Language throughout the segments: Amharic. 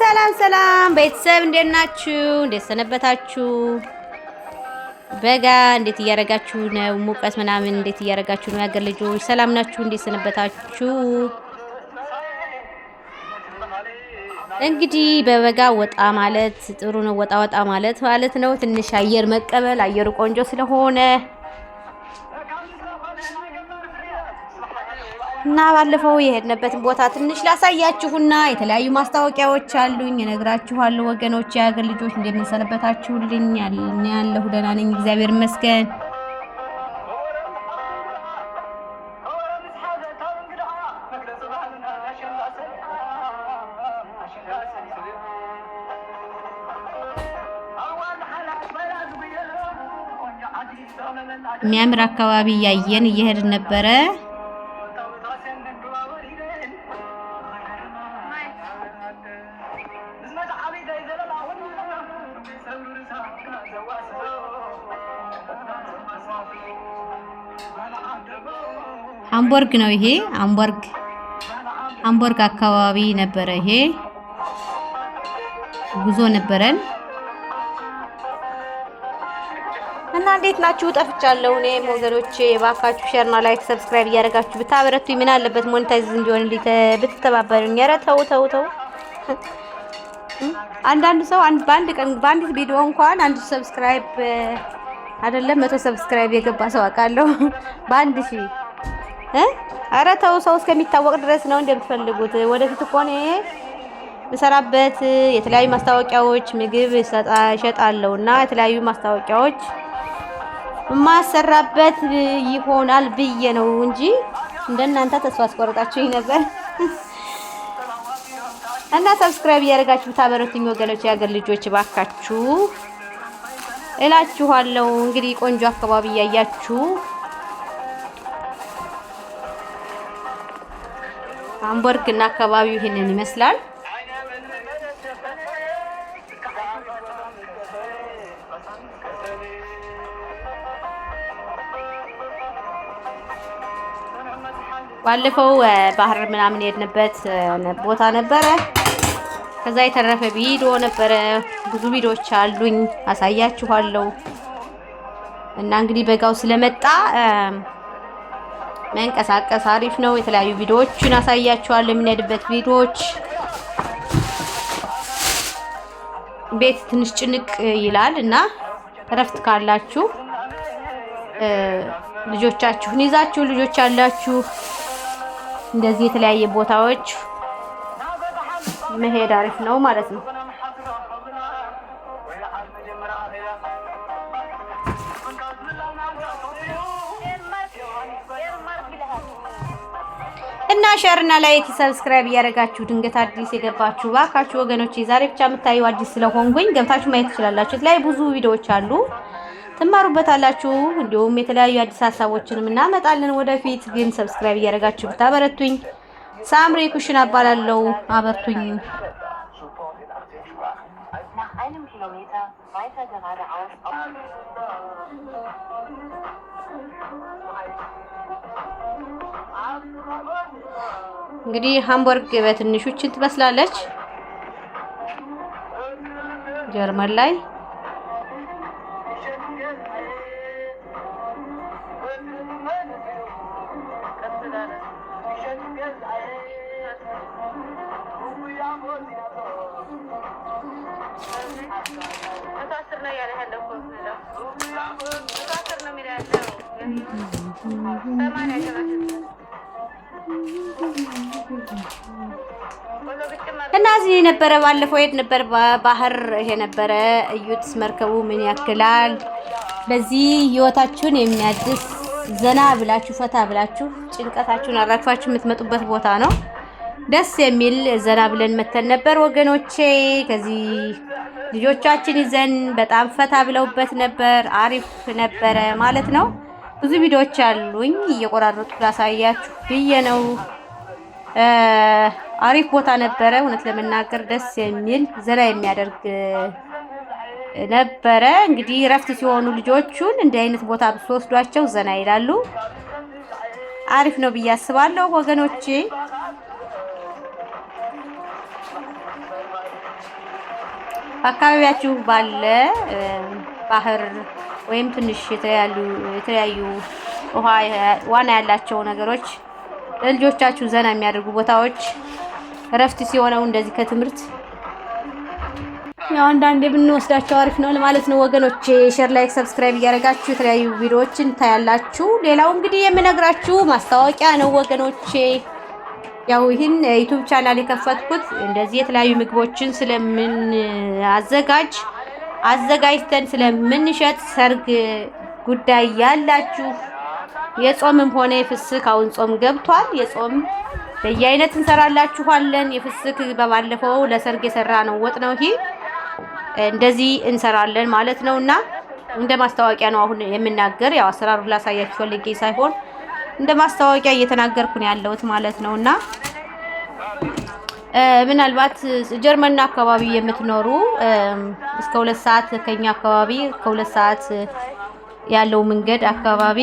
ሰላም ሰላም ቤተሰብ እንዴት ናችሁ? እንዴት ሰነበታችሁ? በጋ እንዴት እያደረጋችሁ ነው? ሙቀት ምናምን እንዴት እያደረጋችሁ ነው? ያገር ልጆች ሰላም ናችሁ? እንዴት ሰነበታችሁ? እንግዲህ በበጋ ወጣ ማለት ጥሩ ነው። ወጣ ወጣ ማለት ማለት ነው። ትንሽ አየር መቀበል አየሩ ቆንጆ ስለሆነ እና ባለፈው የሄድንበትን ቦታ ትንሽ ላሳያችሁና የተለያዩ ማስታወቂያዎች አሉኝ እነግራችኋለሁ። ወገኖች የሀገር ልጆች እንደምንሰነበታችሁልኝ ያለሁ ደህና ነኝ፣ እግዚአብሔር ይመስገን። የሚያምር አካባቢ እያየን እየሄድን ነበረ። አምቦርግ ነው ይሄ አምቦርግ አምቦርግ አካባቢ ነበረ ይሄ ጉዞ ነበረን እና እንዴት ናችሁ? ጠፍቻለሁ እኔም ወገኖቼ፣ እባካችሁ ሼርና ላይክ ሰብስክራይብ እያደረጋችሁ ብታበረቱኝ ምን አለበት ሞኔታይዝ እንዲሆን ብትተባበሩኝ። ኧረ ተው ተው ተው። አንዳንድ ሰው አንድ ባንድ ቀን ባንድ ቪዲዮ እንኳን አንድ ሰብስክራይብ አይደለም መቶ ሰብስክራይብ የገባ ሰው አውቃለሁ በአንድ ሺህ ኧረ ተው፣ ሰው እስከሚታወቅ ድረስ ነው እንደምትፈልጉት። ወደፊት እኮ እኔ የምሰራበት የተለያዩ ማስታወቂያዎች ምግብ እሸጣለሁ እና የተለያዩ ማስታወቂያዎች የማሰራበት ይሆናል ብዬ ነው እንጂ እንደናንተ ተስፋ አስቆርጣችሁኝ ነበር። እና ሰብስክራይብ እያደረጋችሁ ታበረቱኝ ወገኖች፣ የሀገር ልጆች ባካችሁ እላችኋለሁ። እንግዲህ ቆንጆ አካባቢ እያያችሁ ሃምበርግ እና አካባቢው ይሄንን ይመስላል። ባለፈው ባህር ምናምን የሄድንበት ቦታ ነበረ። ከዛ የተረፈ ቪዲዮ ነበረ። ብዙ ቪዲዮዎች አሉኝ አሳያችኋለሁ። እና እንግዲህ በጋው ስለመጣ መንቀሳቀስ አሪፍ ነው። የተለያዩ ቪዲዮዎችን አሳያችኋለሁ። የምንሄድበት ቪዲዮዎች ቤት ትንሽ ጭንቅ ይላል እና እረፍት ካላችሁ ልጆቻችሁን ይዛችሁ ልጆች ያላችሁ እንደዚህ የተለያየ ቦታዎች መሄድ አሪፍ ነው ማለት ነው። እና ሸርና ላይክ ሰብስክራይብ እያደረጋችሁ ድንገት አዲስ የገባችሁ ባካችሁ ወገኖች፣ ዛሬ ብቻ የምታዩ አዲስ ስለሆንኩኝ ገብታችሁ ማየት ትችላላችሁ። ላይ ብዙ ቪዲዮዎች አሉ፣ ትማሩበታላችሁ። እንዲሁም የተለያዩ አዲስ ሀሳቦችንም እናመጣለን ወደፊት። ግን ሰብስክራይብ እያደረጋችሁ ብታበረቱኝ። ሳምሬ ኩሽና እባላለሁ፣ አበርቱኝ። Nach einem Kilometer weiter geradeaus auf እንግዲህ ሃምበርግ በትንሹ ይችን ትመስላለች። ጀርመን ላይ እና እዚህ የነበረ ባለፈው የት ነበር ባህር ይሄ ነበረ። እዩት መርከቡ ምን ያክላል። በዚህ ህይወታችሁን የሚያድስ ዘና ብላችሁ ፈታ ብላችሁ ጭንቀታችሁን አራግፋችሁ የምትመጡበት ቦታ ነው። ደስ የሚል ዘና ብለን መተን ነበር ወገኖቼ። ከዚህ ልጆቻችን ይዘን በጣም ፈታ ብለውበት ነበር። አሪፍ ነበረ ማለት ነው። ብዙ ቪዲዮዎች አሉኝ እየቆራረጡ ላሳያችሁ ብዬ ነው። አሪፍ ቦታ ነበረ። እውነት ለመናገር ደስ የሚል ዘና የሚያደርግ ነበረ። እንግዲህ እረፍት ሲሆኑ ልጆቹን እንዲህ አይነት ቦታ ብትወስዷቸው ዘና ይላሉ። አሪፍ ነው ብዬ አስባለሁ ወገኖቼ። አካባቢያችሁ ባለ ባህር ወይም ትንሽ የተለያዩ ውሃ ዋና ያላቸው ነገሮች ለልጆቻችሁ ዘና የሚያደርጉ ቦታዎች እረፍት ሲሆነው እንደዚህ ከትምህርት ያው አንዳንዴ ብንወስዳቸው አሪፍ ነው ለማለት ነው ወገኖች። ሼር፣ ላይክ፣ ሰብስክራይብ እያደረጋችሁ የተለያዩ ቪዲዮዎችን ታያላችሁ። ሌላው እንግዲህ የምነግራችሁ ማስታወቂያ ነው ወገኖቼ። ያው ይህን ዩቱብ ቻናል የከፈትኩት እንደዚህ የተለያዩ ምግቦችን አዘጋጅ አዘጋጅተን ስለምንሸጥ ሰርግ ጉዳይ ያላችሁ የጾምም ሆነ የፍስክ አሁን ጾም ገብቷል። የጾም በየአይነት እንሰራላችኋለን። የፍስክ በባለፈው ለሰርግ የሰራ ነው ወጥ ነው ይሄ እንደዚህ እንሰራለን ማለት ነው እና እንደ ማስታወቂያ ነው አሁን የምናገር ያው አሰራሩ ላሳያችሁ ፈልጌ ሳይሆን እንደ ማስታወቂያ እየተናገርኩ ነው ያለሁት ማለት ነው እና ምናልባት ጀርመን አካባቢ የምትኖሩ እስከ ሁለት ሰዓት ከኛ አካባቢ ከሁለት ሰዓት ያለው መንገድ አካባቢ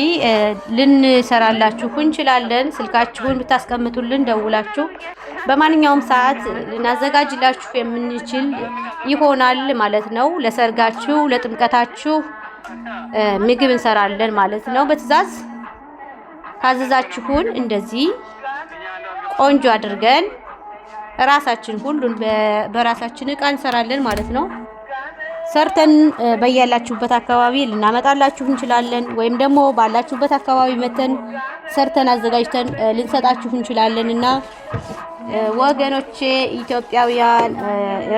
ልንሰራላችሁ እንችላለን። ስልካችሁን ብታስቀምጡልን ደውላችሁ በማንኛውም ሰዓት ልናዘጋጅላችሁ የምንችል ይሆናል ማለት ነው። ለሰርጋችሁ፣ ለጥምቀታችሁ ምግብ እንሰራለን ማለት ነው። በትዕዛዝ ካዘዛችሁን እንደዚህ ቆንጆ አድርገን ራሳችን ሁሉን በራሳችን እቃ እንሰራለን ማለት ነው። ሰርተን በያላችሁበት አካባቢ ልናመጣላችሁ እንችላለን። ወይም ደግሞ ባላችሁበት አካባቢ መተን ሰርተን አዘጋጅተን ልንሰጣችሁ እንችላለን እና ወገኖቼ ኢትዮጵያውያን፣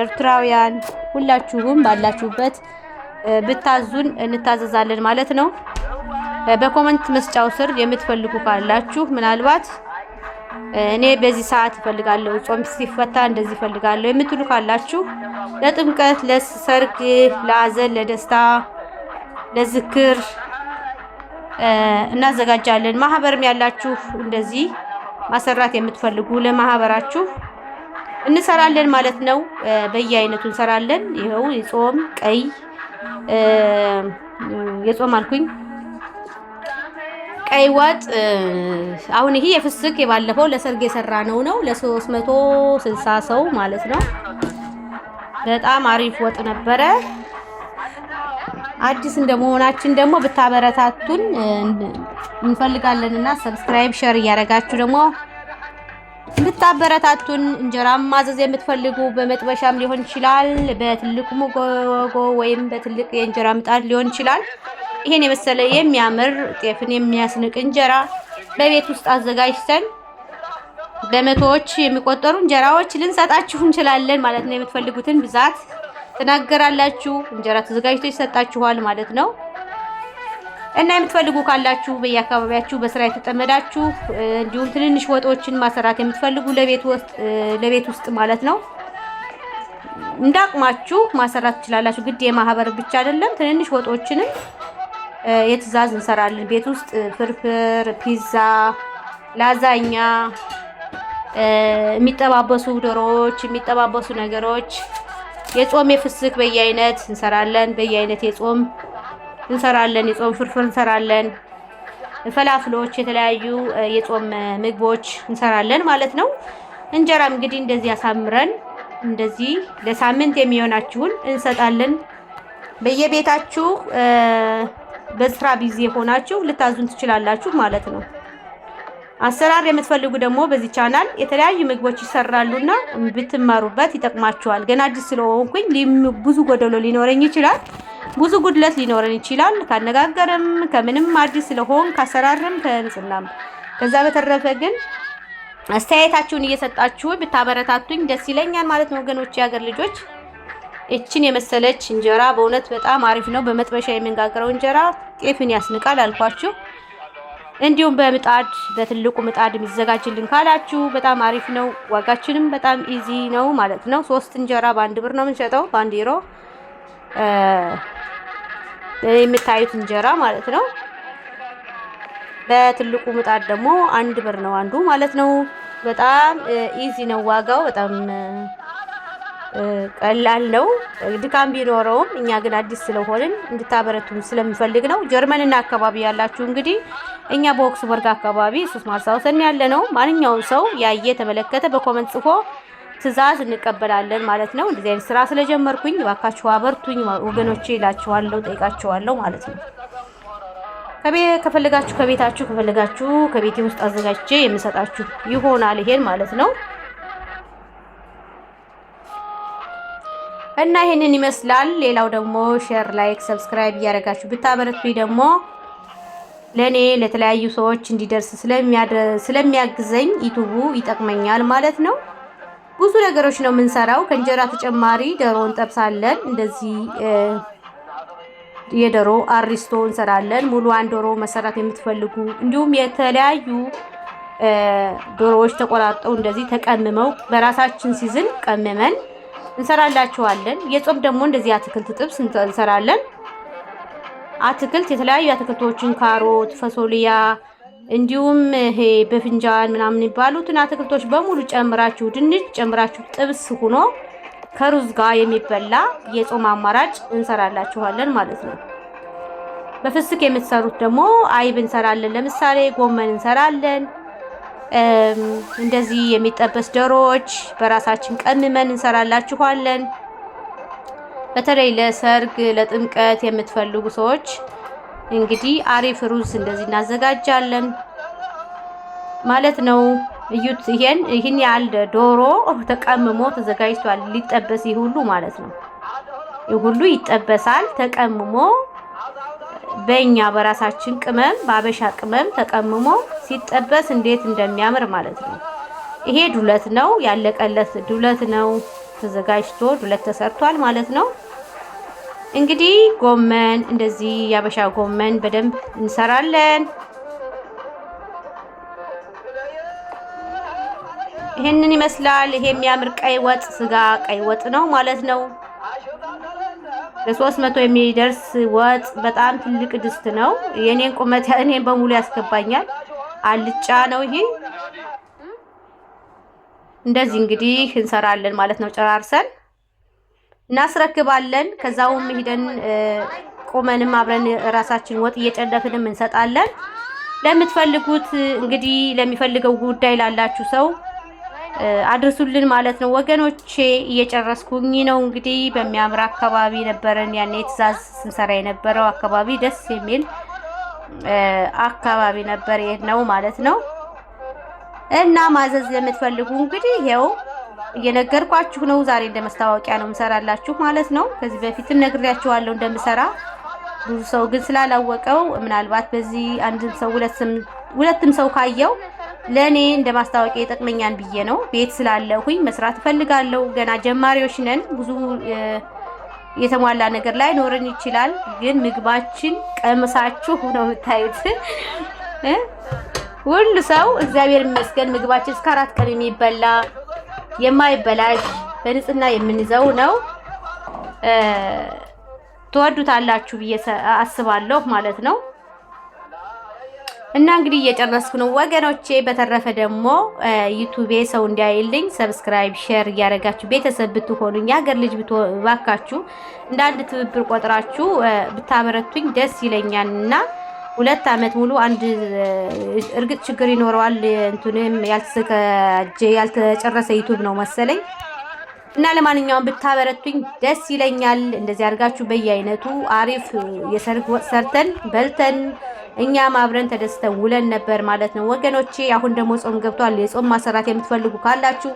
ኤርትራውያን ሁላችሁም ባላችሁበት ብታዙን እንታዘዛለን ማለት ነው። በኮመንት መስጫው ስር የምትፈልጉ ካላችሁ ምናልባት እኔ በዚህ ሰዓት እፈልጋለሁ፣ ጾም ሲፈታ እንደዚህ እፈልጋለሁ የምትሉ ካላችሁ ለጥምቀት፣ ለሰርግ፣ ለአዘን፣ ለደስታ፣ ለዝክር እናዘጋጃለን። ማህበርም ያላችሁ እንደዚህ ማሰራት የምትፈልጉ ለማህበራችሁ እንሰራለን ማለት ነው። በየአይነቱ እንሰራለን። ይኸው የጾም ቀይ የጾም አልኩኝ ቀይ ወጥ አሁን ይሄ የፍስክ የባለፈው ለሰርግ የሰራ ነው ነው ለ360 ሰው ማለት ነው። በጣም አሪፍ ወጥ ነበረ። አዲስ እንደመሆናችን ደግሞ ብታበረታቱን እንፈልጋለንና ሰብስክራይብ፣ ሼር እያደረጋችሁ ደግሞ ብታበረታቱን እንጀራም ማዘዝ የምትፈልጉ በመጥበሻም ሊሆን ይችላል፣ በትልቁ ሞጎ ወይም በትልቅ የእንጀራ ምጣድ ሊሆን ይችላል። ይሄን የመሰለ የሚያምር ጤፍን የሚያስንቅ እንጀራ በቤት ውስጥ አዘጋጅተን በመቶዎች የሚቆጠሩ እንጀራዎች ልንሰጣችሁ እንችላለን ማለት ነው። የምትፈልጉትን ብዛት ትናገራላችሁ። እንጀራ ተዘጋጅቶ ይሰጣችኋል ማለት ነው። እና የምትፈልጉ ካላችሁ በየአካባቢያችሁ በስራ የተጠመዳችሁ እንዲሁም ትንንሽ ወጦችን ማሰራት የምትፈልጉ ለቤት ውስጥ ማለት ነው እንዳቅማችሁ ማሰራት ትችላላችሁ። ግድ የማህበር ብቻ አይደለም፣ ትንንሽ ወጦችንም የትእዛዝ እንሰራለን። ቤት ውስጥ ፍርፍር፣ ፒዛ፣ ላዛኛ፣ የሚጠባበሱ ዶሮዎች፣ የሚጠባበሱ ነገሮች፣ የጾም የፍስክ በየአይነት እንሰራለን። በየአይነት የጾም እንሰራለን። የጾም ፍርፍር እንሰራለን። ፈላፍሎች፣ የተለያዩ የጾም ምግቦች እንሰራለን ማለት ነው። እንጀራ እንግዲህ እንደዚህ አሳምረን እንደዚህ ለሳምንት የሚሆናችሁን እንሰጣለን። በየቤታችሁ በስራ ቢዚ ሆናችሁ ልታዙን ትችላላችሁ ማለት ነው። አሰራር የምትፈልጉ ደግሞ በዚህ ቻናል የተለያዩ ምግቦች ይሰራሉና ብትማሩበት ይጠቅማችኋል። ገና አዲስ ስለሆንኩኝ ብዙ ጎደሎ ሊኖረኝ ይችላል፣ ብዙ ጉድለት ሊኖረን ይችላል። ካነጋገርም ከምንም አዲስ ስለሆን ካሰራርም ከንጽናም። ከዛ በተረፈ ግን አስተያየታችሁን እየሰጣችሁ ብታበረታቱኝ ደስ ይለኛል ማለት ነው ወገኖች፣ የሀገር ልጆች እችን የመሰለች እንጀራ በእውነት በጣም አሪፍ ነው። በመጥበሻ የምንጋግረው እንጀራ ጤፍን ያስንቃል አልኳችሁ። እንዲሁም በምጣድ በትልቁ ምጣድ የሚዘጋጅልን ካላችሁ በጣም አሪፍ ነው። ዋጋችንም በጣም ኢዚ ነው ማለት ነው። ሶስት እንጀራ በአንድ ብር ነው የምንሸጠው፣ በአንድ ዩሮ የምታዩት እንጀራ ማለት ነው። በትልቁ ምጣድ ደግሞ አንድ ብር ነው አንዱ ማለት ነው። በጣም ኢዚ ነው ዋጋው በጣም ቀላል ነው። ድካም ቢኖረውም እኛ ግን አዲስ ስለሆንን እንድታበረቱን ስለምፈልግ ነው። ጀርመንና አካባቢ ያላችሁ እንግዲህ እኛ በኦክስበርግ አካባቢ ሱስ ማርሳውሰን ያለ ነው። ማንኛውም ሰው ያየ ተመለከተ በኮመንት ጽፎ ትእዛዝ እንቀበላለን ማለት ነው። እንደዚህ አይነት ስራ ስለጀመርኩኝ እባካችሁ አበርቱኝ ወገኖቼ ይላችኋለሁ፣ ጠይቃችኋለሁ ማለት ነው። ከፈለጋችሁ ከቤታችሁ ከፈለጋችሁ ከቤቴ ውስጥ አዘጋጅቼ የምሰጣችሁ ይሆናል ይሄን ማለት ነው። እና ይሄንን ይመስላል። ሌላው ደግሞ ሼር፣ ላይክ፣ ሰብስክራይብ እያደረጋችሁ ብታበረቱኝ ደግሞ ለኔ ለተለያዩ ሰዎች እንዲደርስ ስለሚያግዘኝ ዩቱቡ ይጠቅመኛል ማለት ነው። ብዙ ነገሮች ነው የምንሰራው። ከእንጀራ ተጨማሪ ዶሮ እንጠብሳለን። እንደዚህ የደሮ አሪስቶ እንሰራለን። ሙሉ አንድ ዶሮ መሰራት የምትፈልጉ እንዲሁም የተለያዩ ዶሮዎች ተቆራርጠው እንደዚህ ተቀምመው በራሳችን ሲዝን ቀምመን እንሰራላችኋለን። የጾም ደግሞ እንደዚህ አትክልት ጥብስ እንሰራለን። አትክልት የተለያዩ አትክልቶችን ካሮት፣ ፈሶሊያ እንዲሁም ይሄ በፍንጃን ምናምን የሚባሉትን አትክልቶች በሙሉ ጨምራችሁ ድንች ጨምራችሁ ጥብስ ሆኖ ከሩዝ ጋር የሚበላ የጾም አማራጭ እንሰራላችኋለን ማለት ነው። በፍስክ የምትሰሩት ደግሞ አይብ እንሰራለን። ለምሳሌ ጎመን እንሰራለን። እንደዚህ የሚጠበስ ዶሮዎች በራሳችን ቀምመን እንሰራላችኋለን። በተለይ ለሰርግ፣ ለጥምቀት የምትፈልጉ ሰዎች እንግዲህ አሪፍ ሩዝ እንደዚህ እናዘጋጃለን ማለት ነው። እዩት፣ ይሄን ይህን ያህል ዶሮ ተቀምሞ ተዘጋጅቷል። ሊጠበስ ይሁሉ ማለት ነው። ይሁሉ ይጠበሳል ተቀምሞ በእኛ በራሳችን ቅመም በአበሻ ቅመም ተቀምሞ ሲጠበስ እንዴት እንደሚያምር ማለት ነው። ይሄ ዱለት ነው ያለቀለት ዱለት ነው ተዘጋጅቶ ዱለት ተሰርቷል ማለት ነው። እንግዲህ ጎመን እንደዚህ የአበሻ ጎመን በደንብ እንሰራለን። ይህንን ይመስላል። ይሄ የሚያምር ቀይ ወጥ ስጋ ቀይ ወጥ ነው ማለት ነው። ለሶስት መቶ የሚደርስ ወጥ በጣም ትልቅ ድስት ነው። የኔን ቁመት እኔን በሙሉ ያስገባኛል። አልጫ ነው ይሄ። እንደዚህ እንግዲህ እንሰራለን ማለት ነው። ጨራርሰን እናስረክባለን። ከዛውም ሂደን ቁመንም አብረን ራሳችን ወጥ እየጨለፍንም እንሰጣለን። ለምትፈልጉት እንግዲህ ለሚፈልገው ጉዳይ ላላችሁ ሰው አድርሱልን ማለት ነው ወገኖቼ። እየጨረስኩኝ ነው እንግዲህ። በሚያምር አካባቢ ነበረን ያኔ ትእዛዝ ስንሰራ የነበረው አካባቢ፣ ደስ የሚል አካባቢ ነበር ነው ማለት ነው። እና ማዘዝ የምትፈልጉ እንግዲህ ይኸው እየነገርኳችሁ ነው። ዛሬ እንደ ነው የምሰራላችሁ ማለት ነው። ከዚህ በፊት ነግሬያችኋለሁ እንደምሰራ። ብዙ ሰው ግን ስላላወቀው ምናልባት በዚህ አንድን ሰው ሁለት ስም ሁለትም ሰው ካየው ለእኔ እንደ ማስታወቂያ ይጠቅመኛል ብዬ ነው። ቤት ስላለሁኝ መስራት እፈልጋለሁ። ገና ጀማሪዎች ነን። ብዙ የተሟላ ነገር ላይ ኖረን ይችላል። ግን ምግባችን ቀምሳችሁ ነው የምታዩት። ሁሉ ሰው እግዚአብሔር ይመስገን ምግባችን እስከ አራት ቀን የሚበላ የማይበላሽ በንጽህና የምንይዘው ነው። ትወዱታላችሁ ብዬ አስባለሁ ማለት ነው። እና እንግዲህ እየጨረስኩ ነው ወገኖቼ። በተረፈ ደግሞ ዩቱቤ ሰው እንዲያይልኝ ሰብስክራይብ፣ ሼር እያደረጋችሁ ቤተሰብ ብትሆኑኝ የሀገር ልጅ ባካችሁ እንደ አንድ ትብብር ቆጥራችሁ ብታበረቱኝ ደስ ይለኛል እና ሁለት ዓመት ሙሉ አንድ እርግጥ ችግር ይኖረዋል። እንትንም ያልተዘጋጀ ያልተጨረሰ ዩቱብ ነው መሰለኝ እና ለማንኛውም ብታበረቱኝ ደስ ይለኛል። እንደዚህ አድርጋችሁ በየአይነቱ አሪፍ የሰርግ ወጥ ሰርተን በልተን እኛም አብረን ተደስተን ውለን ነበር ማለት ነው ወገኖቼ። አሁን ደግሞ ጾም ገብቷል። የጾም ማሰራት የምትፈልጉ ካላችሁ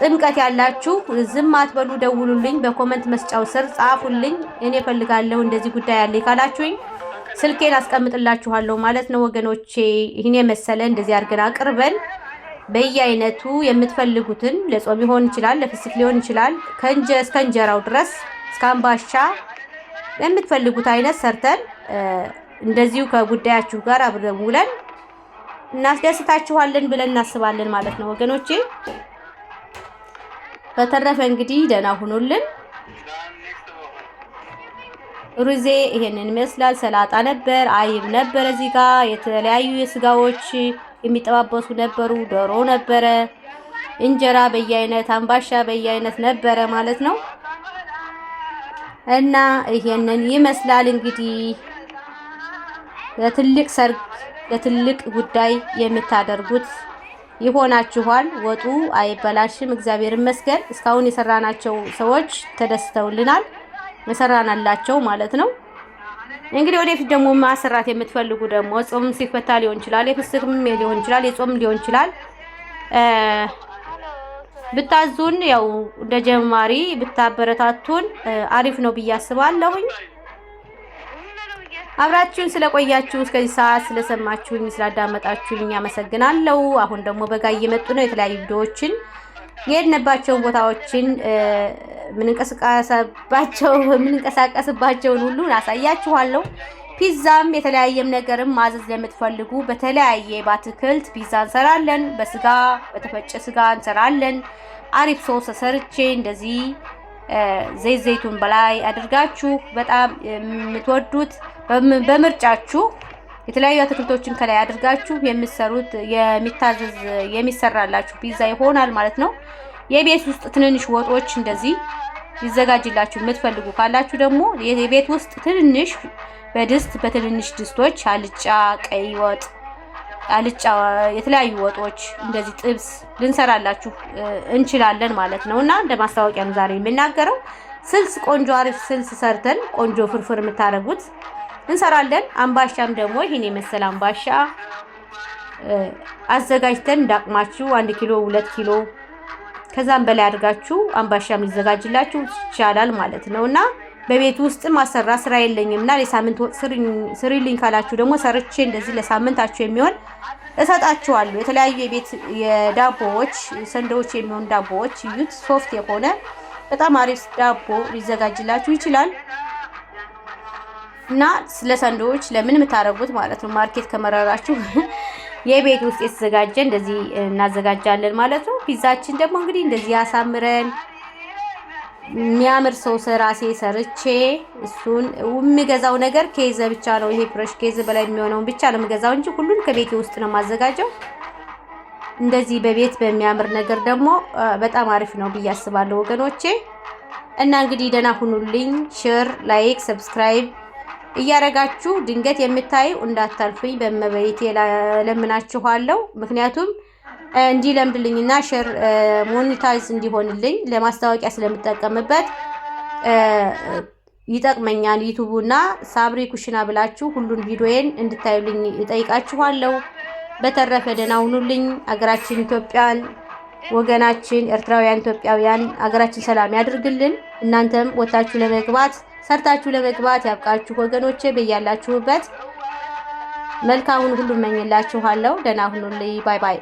ጥምቀት ያላችሁ ዝም አትበሉ፣ ደውሉልኝ። በኮመንት መስጫው ስር ጻፉልኝ። እኔ ፈልጋለሁ እንደዚህ ጉዳይ ያለ ካላችሁኝ ስልኬን አስቀምጥላችኋለሁ ማለት ነው ወገኖቼ። ይህን የመሰለ እንደዚህ አድርገን አቅርበን በየአይነቱ የምትፈልጉትን ለጾም ሊሆን ይችላል፣ ለፍስክ ሊሆን ይችላል። ከእንጀ እስከ እንጀራው ድረስ እስከ አምባሻ የምትፈልጉት አይነት ሰርተን እንደዚሁ ከጉዳያችሁ ጋር አብረን ውለን እናስደስታችኋለን ብለን እናስባለን ማለት ነው ወገኖቼ። በተረፈ እንግዲህ ደህና ሁኑልን። ሩዜ ይሄንን ይመስላል። ሰላጣ ነበር፣ አይብ ነበር፣ እዚህ ጋር የተለያዩ የስጋዎች የሚጠባበሱ ነበሩ። ዶሮ ነበረ፣ እንጀራ በየአይነት፣ አምባሻ በየአይነት ነበረ ማለት ነው። እና ይሄንን ይመስላል እንግዲህ ለትልቅ ሰርግ ለትልቅ ጉዳይ የምታደርጉት ይሆናችኋል። ወጡ አይበላሽም፣ እግዚአብሔር ይመስገን። እስካሁን የሰራናቸው ሰዎች ተደስተውልናል፣ የሰራናላቸው ማለት ነው። እንግዲህ ወደፊት ደግሞ ማሰራት የምትፈልጉ ደግሞ ጾም ሲፈታ ሊሆን ይችላል፣ የፍስክም ሊሆን ይችላል፣ የጾም ሊሆን ይችላል። ብታዙን ያው እንደ ጀማሪ ብታበረታቱን አሪፍ ነው ብዬ አስባለሁኝ። አብራችሁን ስለቆያችሁ እስከዚህ ሰዓት ስለሰማችሁኝ ስላዳመጣችሁኝ አመሰግናለሁ። አሁን ደግሞ በጋ እየመጡ ነው የተለያዩ ቪዲዮዎችን የሄድንባቸውን ቦታዎችን የምንንቀሳቀስባቸውን ሁሉ አሳያችኋለሁ። ፒዛም የተለያየም ነገርም ማዘዝ ለምትፈልጉ በተለያየ በአትክልት ፒዛ እንሰራለን። በስጋ በተፈጨ ስጋ እንሰራለን። አሪፍ ሶስ ሰርቼ እንደዚህ ዘይት ዘይቱን በላይ አድርጋችሁ በጣም የምትወዱት በምርጫችሁ የተለያዩ አትክልቶችን ከላይ አድርጋችሁ የምትሰሩት የሚታዘዝ የሚሰራላችሁ ፒዛ ይሆናል ማለት ነው። የቤት ውስጥ ትንንሽ ወጦች እንደዚህ ይዘጋጅላችሁ የምትፈልጉ ካላችሁ ደግሞ የቤት ውስጥ ትንንሽ በድስት በትንንሽ ድስቶች አልጫ፣ ቀይ ወጥ፣ አልጫ፣ የተለያዩ ወጦች እንደዚህ ጥብስ ልንሰራላችሁ እንችላለን ማለት ነው እና እንደ ማስታወቂያ ነው ዛሬ የምናገረው። ስልስ ቆንጆ አሪፍ ስልስ ሰርተን ቆንጆ ፍርፍር የምታደርጉት እንሰራለን። አምባሻም ደግሞ ይህን የመሰለ አምባሻ አዘጋጅተን እንዳቅማችሁ አንድ ኪሎ ሁለት ኪሎ ከዛም በላይ አድርጋችሁ አምባሻም ሊዘጋጅላችሁ ይቻላል ማለት ነው እና በቤት ውስጥ ማሰራ ስራ የለኝም እና ለሳምንት ስሪልኝ ካላችሁ ደግሞ ሰርቼ እንደዚህ ለሳምንታችሁ የሚሆን እሰጣችኋለሁ። የተለያዩ የቤት የዳቦዎች ሰንደዎች የሚሆን ዳቦዎች እዩት። ሶፍት የሆነ በጣም አሪፍ ዳቦ ሊዘጋጅላችሁ ይችላል እና ስለ ሰንደዎች ለምን የምታደርጉት ማለት ነው ማርኬት ከመረራችሁ የቤት ውስጥ የተዘጋጀ እንደዚህ እናዘጋጃለን ማለት ነው። ፒዛችን ደግሞ እንግዲህ እንደዚህ ያሳምረን የሚያምር ሰው ራሴ ሰርቼ እሱን የሚገዛው ነገር ኬዝ ብቻ ነው። ይሄ ፍሬሽ ኬዝ በላይ የሚሆነውን ብቻ ነው የምገዛው እንጂ ሁሉን ከቤቴ ውስጥ ነው የማዘጋጀው። እንደዚህ በቤት በሚያምር ነገር ደግሞ በጣም አሪፍ ነው ብዬ አስባለሁ ወገኖቼ። እና እንግዲህ ደህና ሁኑልኝ። ሼር፣ ላይክ፣ ሰብስክራይብ እያረጋችሁ ድንገት የምታዩ እንዳታልፉኝ በመበይቴ ለምናችኋለሁ። ምክንያቱም እንዲለምድልኝና ሼር ሞኒታይዝ እንዲሆንልኝ ለማስታወቂያ ስለምጠቀምበት ይጠቅመኛል ዩቱቡና ሳብሪ ኩሽና ብላችሁ ሁሉን ቪዲዮዬን እንድታዩልኝ እጠይቃችኋለሁ። በተረፈ ደህና ሁኑልኝ። አገራችን ኢትዮጵያን፣ ወገናችን ኤርትራውያን፣ ኢትዮጵያውያን አገራችን ሰላም ያድርግልን። እናንተም ወታችሁ ለመግባት ሰርታችሁ ለመግባት ያብቃችሁ ወገኖቼ። በያላችሁበት መልካሙን ሁሉ እመኝላችኋለሁ። ደህና ሁኑልኝ። ባይ ባይ።